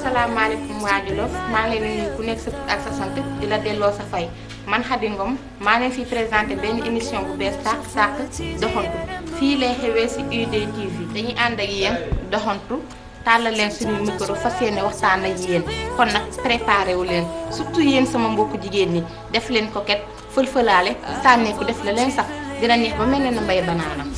asalaamaaleykum waa Jolof maa ngi leen di ku nekk sa ak sa sant di la delloo sa fay man Khady ngoom maa ne fi présenté benn émission bu bees tàq sàq doxantu fii lay xewee si UD TV dañuy ànd ak yéen doxantu tàllal leen suñuy micro fas yéene waxtaan ak yéen kon nag préparé wu leen surtout yéen sama mbokku jigéen ñi def leen coquette fël-fëlaale ku def la leen sax dina neex ba mel ne na mbay banaanam